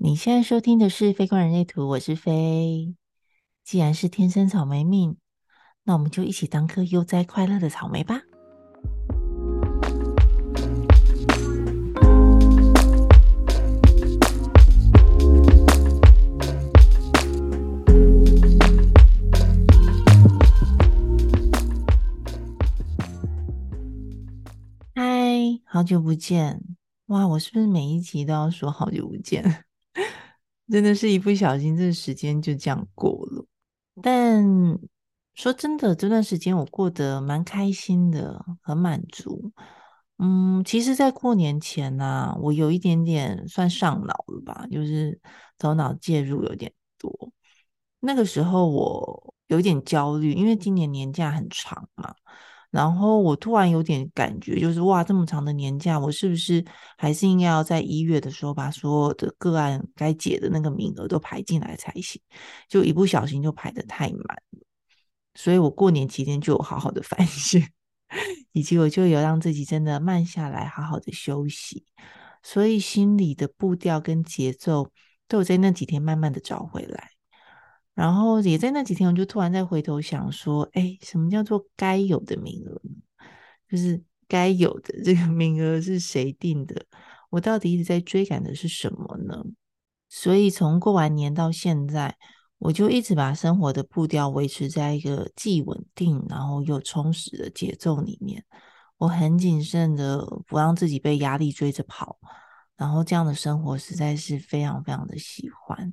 你現在收聽的是《Faye 觀人類圖》，我是 Faye。既然是天生草莓命，那我們就一起當顆悠哉快樂的草莓吧。嗨，好久不見！哇，我是不是每一集都要說好久不見？真的是一不小心，這時間就這樣過了。但說真的，這段時間我過得蠻開心的，很滿足。嗯，其實，在過年前呢、啊，我有一點點算上腦了吧，就是頭腦介入有點多。那個時候我有點焦慮，因為今年年假很長嘛。然後我突然有點感覺，就是哇，這麼長的年假，我是不是還是應該要在一月的時候把所有的個案該解的那個名額都排進來才行？就一不小心就排得太滿了，所以我過年期間就有好好的反省，以及我就有讓自己真的慢下來，好好的休息，所以心裡的步調跟節奏都有在那幾天慢慢的找回來。然後也在那幾天，我就突然再回頭想說：“哎，什麼叫做該有的名額？就是該有的這個名額是誰定的？我到底一直在追趕的是什麼呢？”所以從過完年到現在，我就一直把生活的步調維持在一個既穩定然後又充實的節奏裡面。我很謹慎的不讓自己被壓力追着跑，然後這樣的生活實在是非常非常的喜歡。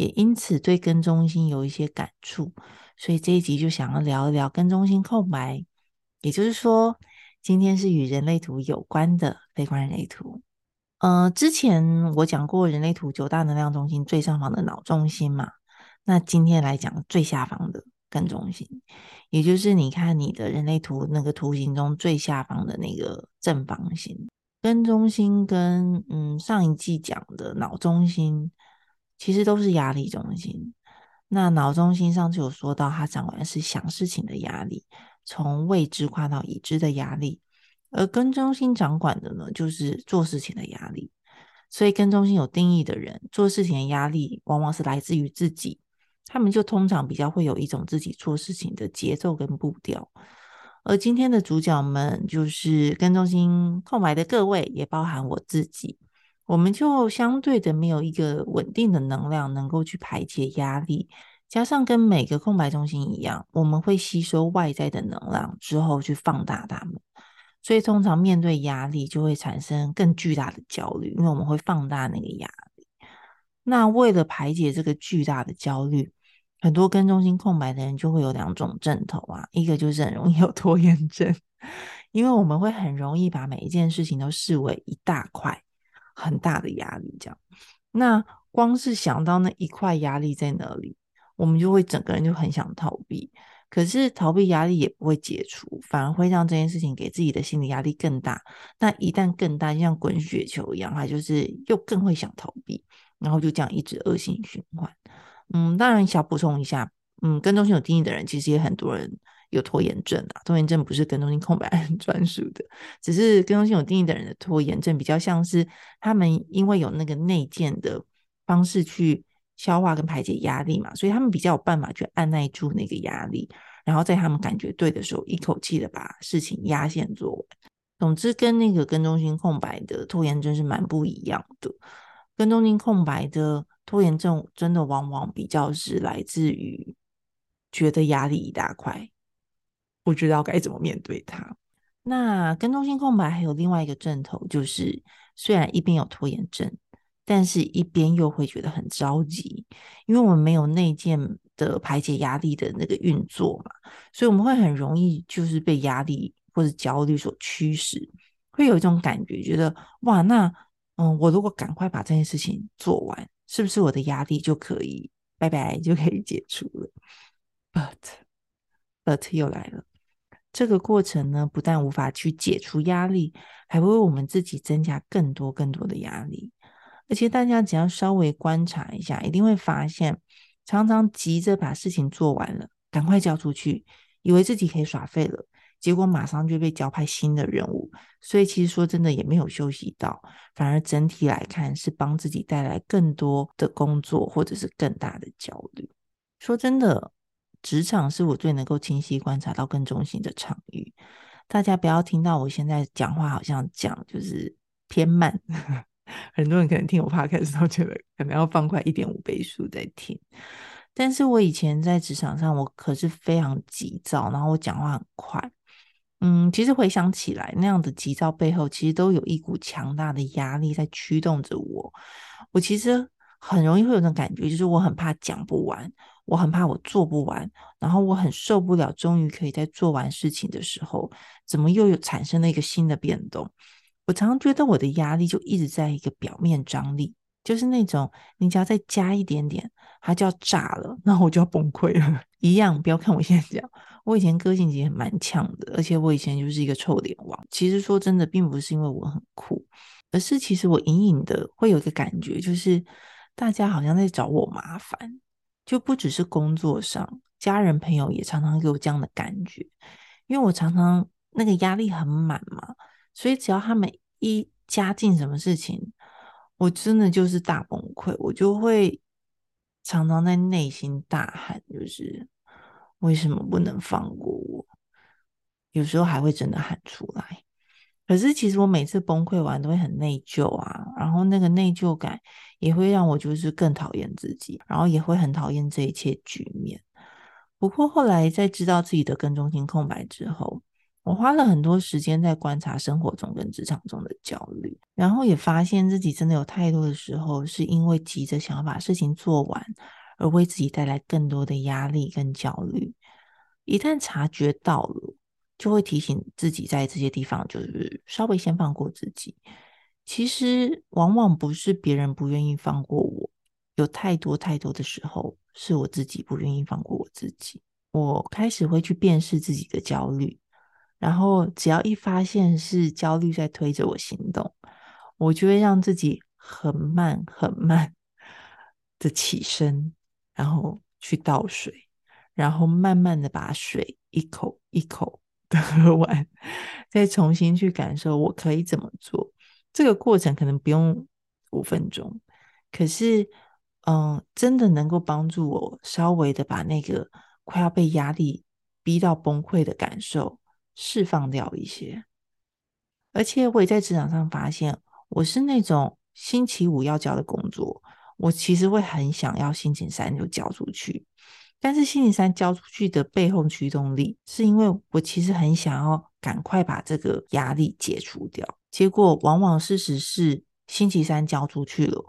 也因此對根中心有一些感觸，所以這一集就想要聊一聊根中心空白。也就是說，今天是與人類圖有關的 Faye 觀人類圖。呃，之前我講過人類圖九大能量中心最上方的腦中心嘛，那今天來講最下方的根中心，也就是你看你的人類圖那個圖形中最下方的那個正方形根中心，根中心跟嗯，上一季講的腦中心。其實都是壓力中心。那腦中心上次有說到，它掌管的是想事情的壓力，從未知跨到已知的壓力；而根中心掌管的呢，就是做事情的壓力。所以根中心有定義的人，做事情的壓力往往是來自於自己，他們就通常比較會有一種自己做事情的節奏跟步調。而今天的主角們，就是根中心空白的各位，也包含我自己。我們就相對的沒有一個穩定的能量能夠去排解壓力，加上跟每個空白中心一樣，我們會吸收外在的能量之後去放大它們，所以通常面對壓力就會產生更巨大的焦慮，因為我們會放大那個壓力。那為了排解這個巨大的焦慮，很多根中心空白的人就會有兩種症頭啊，一個就是很容易有拖延症，因為我們會很容易把每一件事情都視為一大塊。很大的壓力，這樣，那光是想到那一塊壓力在哪裡，我們就會整個人就很想逃避。可是逃避壓力也不會解除，反而會讓這件事情給自己的心理壓力更大。那一旦更大，就像滾雪球一樣，他就是又更會想逃避，然後就這樣一直惡性循環。嗯，當然想補充一下，嗯，根中心有定義的人，其實也很多人有拖延症啊，拖延症不是根中心空白人專屬的，只是根中心有定義的人的拖延症比較像是他們因為有那個內建的方式去消化跟排解壓力嘛，所以他們比較有辦法去按捺住那個壓力，然後在他們感覺對的時候一口氣的把事情壓線做完。總之跟那個根中心空白的拖延症是蠻不一樣的，根中心空白的拖延症真的往往比較是來自於覺得壓力一大塊，不知道該怎麼面對他。那根中心空白還有另外一個症頭，就是雖然一邊有拖延症，但是一邊又會覺得很着急，因為我們沒有內建的排解壓力的那個運作嘛，所以我們會很容易就是被壓力或者焦慮所驅使，會有一種感覺，覺得哇，那嗯，我如果趕快把這件事情做完，是不是我的壓力就可以拜拜，就可以解除了？But but 又來了。這個過程呢，不但無法去解除壓力，還會為我們自己增加更多更多的壓力。而且大家只要稍微觀察一下，一定會發現，常常急着把事情做完了，趕快交出去，以為自己可以耍廢了，結果馬上就被交派新的任務。所以其實說真的，也沒有休息到，反而整體來看是幫自己帶來更多的工作，或者是更大的焦慮。說真的。職場是我最能夠清晰觀察到根中心的場域。大家不要聽到我現在講話好像講就是偏慢， 很多人可能聽我 Podcast 都覺得可能要放快一點五倍速在聽。但是我以前在職場上，我可是非常急躁，然後我講話很快。嗯，其實回想起來，那樣的急躁背後，其實都有一股強大的壓力在驅動着我。我其實很容易會有種感覺，就是我很怕講不完。我很怕我做不完，然後我很受不了。終於可以在做完事情的時候，怎麼又有產生了一個新的變動？我常常覺得我的壓力就一直在一個表面張力，就是那種你只要再加一點點，它就要炸了，那我就要崩潰了。 一樣，不要看我現在這樣，我以前個性其實蠻強的，而且我以前就是一個臭臉王。其實說真的，並不是因為我很酷，而是其實我隱隱的會有一個感覺，就是大家好像在找我麻煩。就不只是工作上，家人朋友也常常給我這樣的感覺，因為我常常那個壓力很滿嘛，所以只要他們一加進什麼事情，我真的就是大崩潰，我就會常常在內心大喊，就是為什麼不能放過我？有時候還會真的喊出來。可是其實我每次崩潰完都會很內疚啊，然後那個內疚感也會讓我就是更討厭自己，然後也會很討厭這一切局面。不過後來在知道自己的根中心空白之後，我花了很多時間在觀察生活中跟職場中的焦慮，然後也發現自己真的有太多的時候是因為急着想要把事情做完，而為自己帶來更多的壓力跟焦慮。一旦察覺到了，就會提醒自己，在這些地方就是稍微先放過自己。其實往往不是別人不願意放過我，有太多太多的時候是我自己不願意放過我自己。我開始會去辨識自己的焦慮，然後只要一發現是焦慮在推着我行動，我就會讓自己很慢很慢的起身，然後去倒水，然後慢慢的把水一口一口。喝完，再重新去感受，我可以怎麼做？這個過程可能不用五分鐘，可是，嗯，真的能夠幫助我稍微的把那個快要被壓力逼到崩潰的感受釋放掉一些。而且，我也在職場上發現，我是那種星期五要交的工作，我其實會很想要星期三就交出去。但是星期三交出去的背後驅動力，是因為我其實很想要趕快把這個壓力解除掉。結果往往事實是星期三交出去了，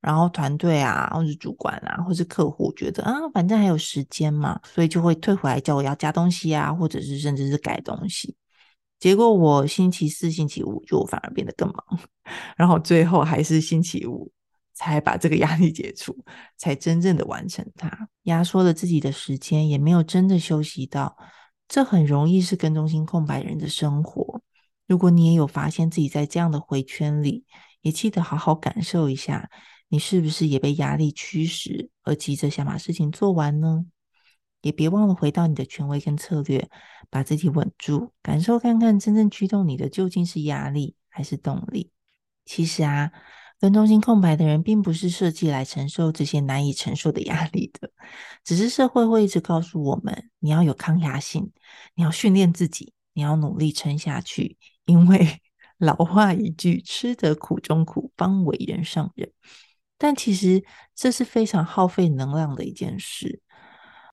然後團隊啊，或是主管啊，或是客戶覺得啊，反正還有時間嘛，所以就會退回來叫我要加東西啊，或者是甚至是改東西。結果我星期四、星期五就反而變得更忙，然後最後還是星期五。才把這個壓力解除，才真正的完成它，壓縮了自己的時間，也沒有真的休息到。這很容易是根中心空白人的生活。如果你也有發現自己在這樣的回圈裡，也記得好好感受一下，你是不是也被壓力驅使而急着想把事情做完呢？也別忘了回到你的權威跟策略，把自己穩住，感受看看真正驅動你的究竟是壓力還是動力。其實啊。根中心空白的人，並不是設計來承受這些難以承受的壓力的，只是社會會一直告訴我們，你要有抗壓性，你要訓練自己，你要努力撐下去，因為老話一句，吃得苦中苦，方為人上人。但其實這是非常耗費能量的一件事。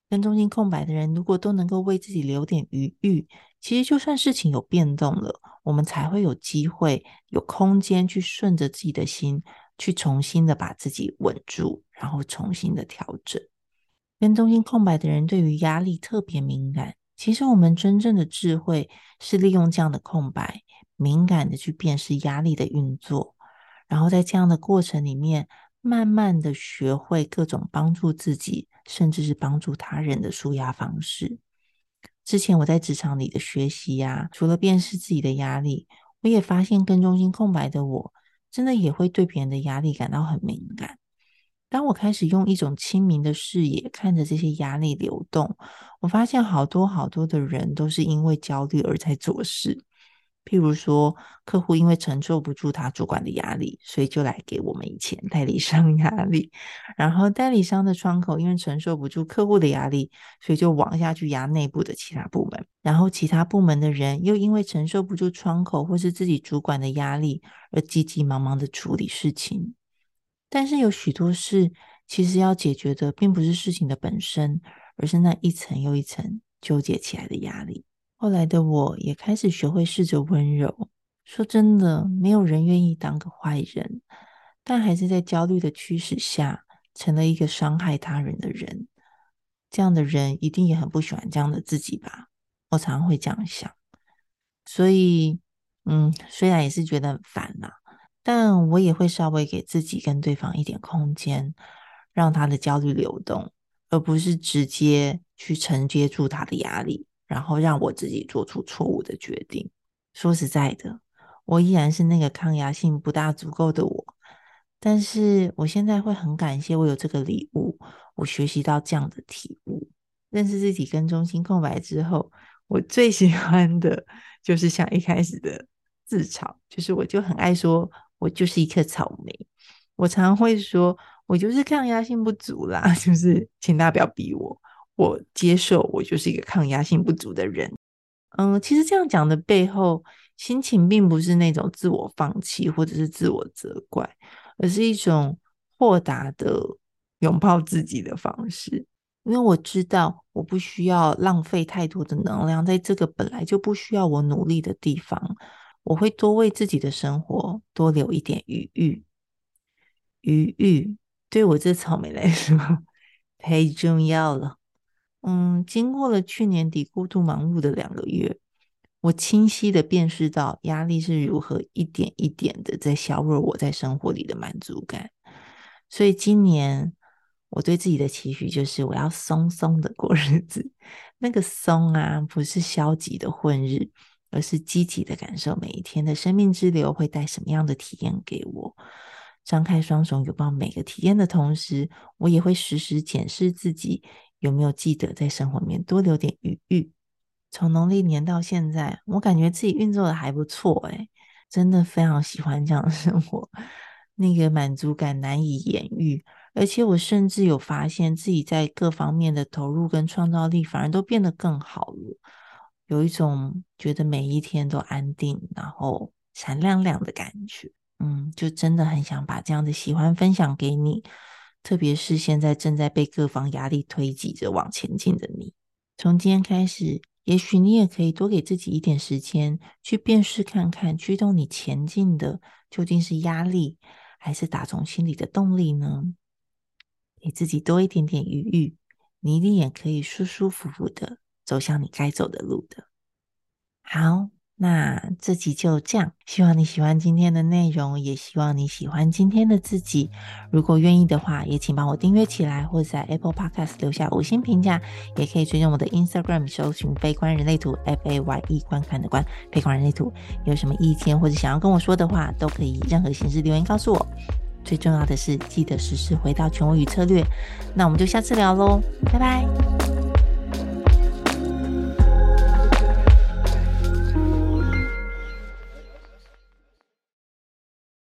根中心空白的人，如果都能夠為自己留點餘裕。其實，就算事情有變動了，我們才會有機會、有空間去順着自己的心，去重新的把自己穩住，然後重新的調整。根中心空白的人對於壓力特別敏感。其實，我們真正的智慧是利用這樣的空白，敏感的去辨識壓力的運作，然後在這樣的過程裡面，慢慢的學會各種幫助自己，甚至是幫助他人的抒壓方式。之前我在職場裡的學習呀、啊，除了辨識自己的壓力，我也發現根中心空白的我，真的也會對別人的壓力感到很敏感。當我開始用一種清明的視野看着這些壓力流動，我發現好多好多的人都是因為焦慮而在做事。譬如說，客戶因為承受不住他主管的壓力，所以就來給我們以前代理商壓力。然後代理商的窗口因為承受不住客戶的壓力，所以就往下去壓內部的其他部門。然後其他部門的人又因為承受不住窗口或是自己主管的壓力，而急急忙忙的處理事情。但是有許多事，其實要解決的並不是事情的本身，而是那一層又一層糾結起來的壓力。後來的我也開始學會試着溫柔。說真的，沒有人願意當個壞人，但還是在焦慮的驅使下，成了一個傷害他人的人。這樣的人一定也很不喜歡這樣的自己吧？我常常會這樣想。所以，嗯，雖然也是覺得很煩吶啊，但我也會稍微給自己跟對方一點空間，讓他的焦慮流動，而不是直接去承接住他的壓力。然後讓我自己做出錯誤的決定。說實在的，我依然是那個抗壓性不大足夠的我。但是我現在會很感謝我有這個禮物，我學習到這樣的體悟，認識自己根中心空白之後，我最喜歡的就是像一開始的自嘲，就是我就很愛說我就是一顆草莓，我常會說我就是抗壓性不足啦，就是請大家不要逼我。我接受，我就是一個抗壓性不足的人。嗯，其實這樣講的背後，心情並不是那種自我放棄或者是自我責怪，而是一種豁達的擁抱自己的方式。因為我知道，我不需要浪費太多的能量，在這個本來就不需要我努力的地方，我會多為自己的生活多留一點餘裕。餘裕對我這草莓來說太重要了。嗯，經過了去年底過度忙碌的兩個月，我清晰的辨識到壓力是如何一點一點的在削弱我在生活裡的滿足感。所以今年我對自己的期許就是，我要鬆松的過日子。那個鬆啊，不是消極的混日，而是積極的感受每一天的生命之流會帶什麼樣的體驗給我。張開雙手擁抱每個體驗的同時，我也會時時檢視自己。有沒有記得在生活裡面多留點餘裕？從農曆年到現在，我感覺自己運作得還不錯，哎，真的非常喜歡這樣的生活，那個滿足感難以言喻。而且我甚至有發現自己在各方面的投入跟創造力反而都變得更好了，有一種覺得每一天都安定，然後閃亮亮的感覺。嗯，就真的很想把這樣的喜歡分享給你。特別是現在正在被各方壓力推擠着往前進的你，從今天開始，也許你也可以多給自己一點時間，去辨識看看驅動你前進的究竟是壓力，還是打從心裡的動力呢？給自己多一點點餘裕，你一定也可以舒舒服服的走向你該走的路的。好。那這集就這樣，希望你喜歡今天的內容，也希望你喜歡今天的自己。如果願意的話，也請幫我訂閱起來，或者在 Apple Podcast 留下五星評價。也可以追蹤我的 Instagram，搜尋 Faye 觀人類圖 F A Y E 觀看的觀 Faye 觀人類圖。有什麼意見或者想要跟我說的話，都可以任何形式留言告訴我。最重要的是，記得時時回到權威與策略。那我們就下次聊嘍，拜拜。